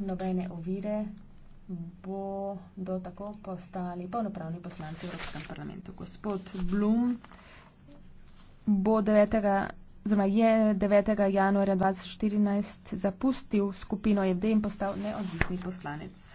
nobene ovire, bodo tako postali polnopravni poslanci v Evropskem parlamentu. Gospod Blum bo 9. oziroma je 9. januarja 2014 zapustil skupino ED in postal neodvisni poslanec.